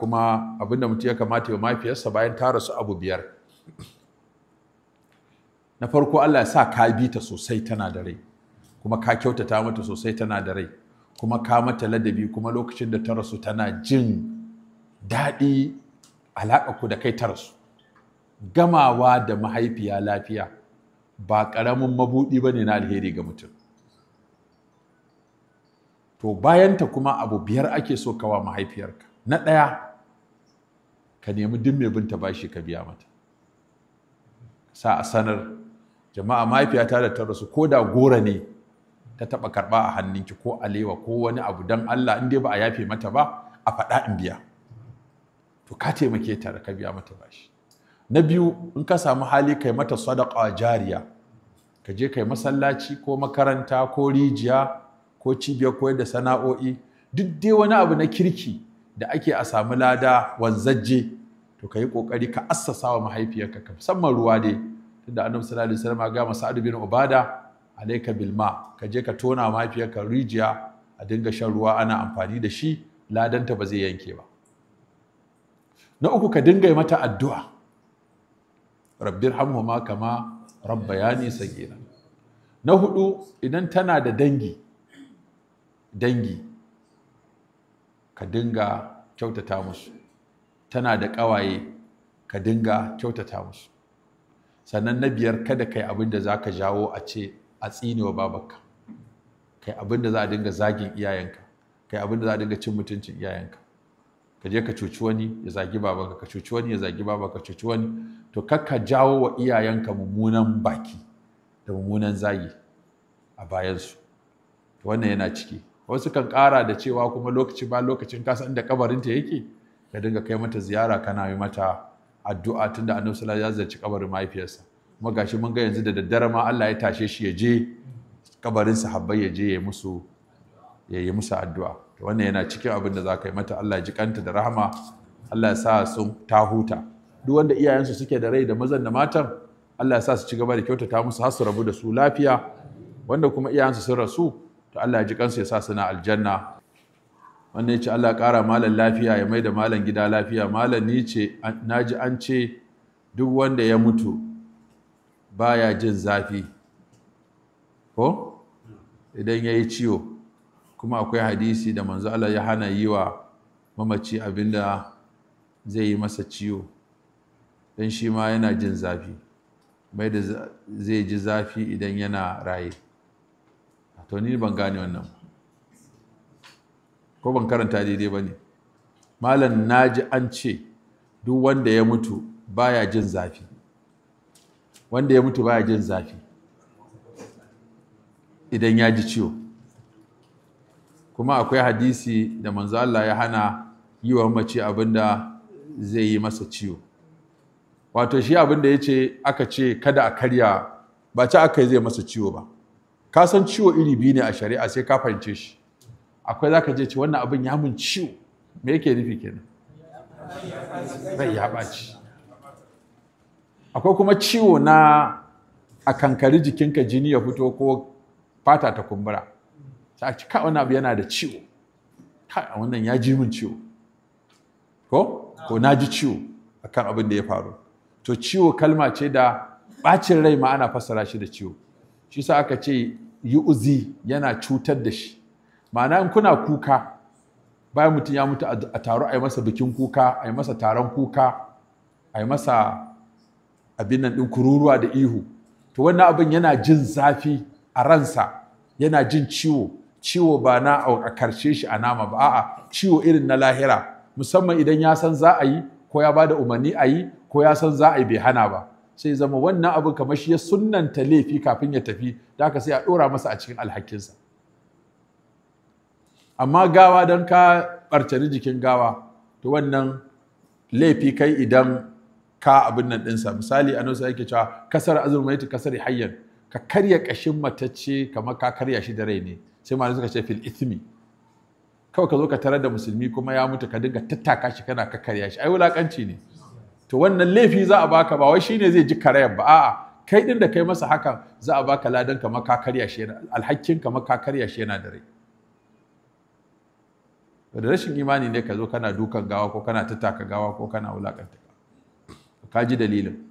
kuma abinda mutum ya kamata ya mafiyarsa bayan ta rasu abu biyar na farko Allah ya sa ka bi ta sosai tana da rai kuma ka kyautata mata sosai tana da rai kuma ka mata ladabi kuma lokacin da ta rasu tana jin daɗi alaƙa ku da kai ta rasu gamawa da mahaifiya lafiya ba ƙaramin mabuɗi ba ne na alheri ga mutum to bayanta kuma abu biyar ake so kawa mahaifiyarka na ɗaya ka nemi duk mai binta bashi ka biya mata sa a sanar jama'a mahaifiyata da ta rasu ko da gora ne ta taɓa karɓa a hannunki ko alewa ko wani abu don Allah in dai ba a yafe mata ba a faɗa in biya to ka taimake ta da ka biya mata bashi na biyu in ka samu hali kai mata sadaka jariya ka je kai masallaci ko makaranta ko rijiya ko cibiyar koyar da sana'o'i duk dai wani abu na kirki da ake a samu lada wanzajje to ka yi ƙoƙari ka assasa wa mahaifiyarka ka musamman ruwa dai tunda annabi sallallahu alaihi wasallam ga masa adubin Ubada alayka bil ma ka je ka tona mahaifiyarka rijiya a dinga shan ruwa ana amfani da shi ladanta ba zai yanke ba na uku ka dinga yi mata addu'a rabbir hamhuma kama rabbayani sagira na hudu idan tana da dangi dangi ka dinga kyautata musu tana da ƙawaye ka dinga kyautata musu sannan na biyar kada kai abin da za ka jawo a ce a wa babarka kai abin da za a dinga zagin iyayenka kai abin da za a dinga cin mutuncin iyayenka ka je ka cuci wani ya zagi babanka ka cuci wani ya zagi babanka ka cuci wani to ka jawo wa iyayenka mummunan baki da mummunan zagi a bayansu to wannan yana ciki wasu kan ƙara da cewa kuma lokaci ba lokacin kasan da kabarinta yake ka dinga kai mata ziyara kana yi mata addu'a tunda annabi sallallahu alaihi wasallam ya ziyarci kabarin mahaifiyarsa kuma gashi mun ga yanzu da daddare ma Allah ya tashe shi ya je kabarin sahabbai ya je ya musu ya yi musu addu'a to wannan yana cikin abin da za ka yi mata Allah ya ji kanta da rahama Allah ya sa sun ta huta duk wanda iyayensu suke da rai da mazan da matan Allah ya sa su ci gaba da kyautata musu har su rabu da su lafiya wanda kuma iyayensu sun rasu to Allah ya ji kansu ya sa suna aljanna wannan ya ce Allah ƙara malan lafiya ya mai da malan gida lafiya malan ni ce na ji an ce duk wanda ya mutu baya jin zafi ko idan ya yi ciwo kuma akwai hadisi da manzo Allah ya hana yi wa mamaci abinda zai yi masa ciwo don shi ma yana jin zafi mai da zai ji zafi idan yana raye to ni ban gane wannan ba ko ban karanta daidai ba ne malam na ji an ce duk wanda ya mutu baya jin zafi wanda ya mutu baya jin zafi idan ya ji ciwo kuma akwai hadisi da manzo Allah ya hana yi wa mace abinda zai yi masa ciwo wato shi abinda ya ce aka ce kada a karya ba ci aka yi zai masa ciwo ba ka san ciwo iri biyu ne a shari'a sai ka fahimce shi akwai za ka je ci wannan abin ya mun ciwo me yake nufi kenan rai ya ɓaci akwai kuma ciwo na a kankari jikinka jini ya fito ko fata ta kumbura sai a ci ka wani abu yana da ciwo ka wannan ya ji mun ciwo ko ko na ji ciwo akan abin da ya faru to ciwo kalma ce da ɓacin rai ma ana fassara shi da ciwo shi sa aka ce yi uzi yana cutar da shi ma'ana in kuna kuka bayan mutum ya mutu a taro a yi masa bikin kuka a yi masa taron kuka a yi masa abin nan ɗin kururuwa da ihu to wannan abin yana jin zafi a ransa yana jin ciwo ciwo ba na a karshe shi a nama ba a'a ciwo irin na lahira musamman idan ya san za a yi ko ya ba da umarni a yi ko ya san za a yi bai hana ba sai zama wannan abin kamar shi ya sunnanta laifi kafin ya tafi da haka sai a ɗora masa a cikin alhakinsa amma gawa don ka ɓarcari jikin gawa to wannan laifi kai idan ka abin nan ɗinsa misali a nausa yake cewa kasar azurmaiti kasar hayyan ka karya ƙashin matacce kamar ka karya shi da rai ne sai ma suka ce fil ithmi kawai ka zo ka tarar da musulmi kuma ya mutu ka dinga tattaka shi kana ka karya shi ai wulakanci ne to wannan laifi za a baka ba wai shine zai ji karayar ba a'a kai din da kai masa hakan za a baka ladan kamar ka karya shi alhakin kamar ka karya shi yana da rai da rashin imani ne ka zo kana dukan gawa ko kana tattaka gawa ko kana wulakanta ka ji dalilin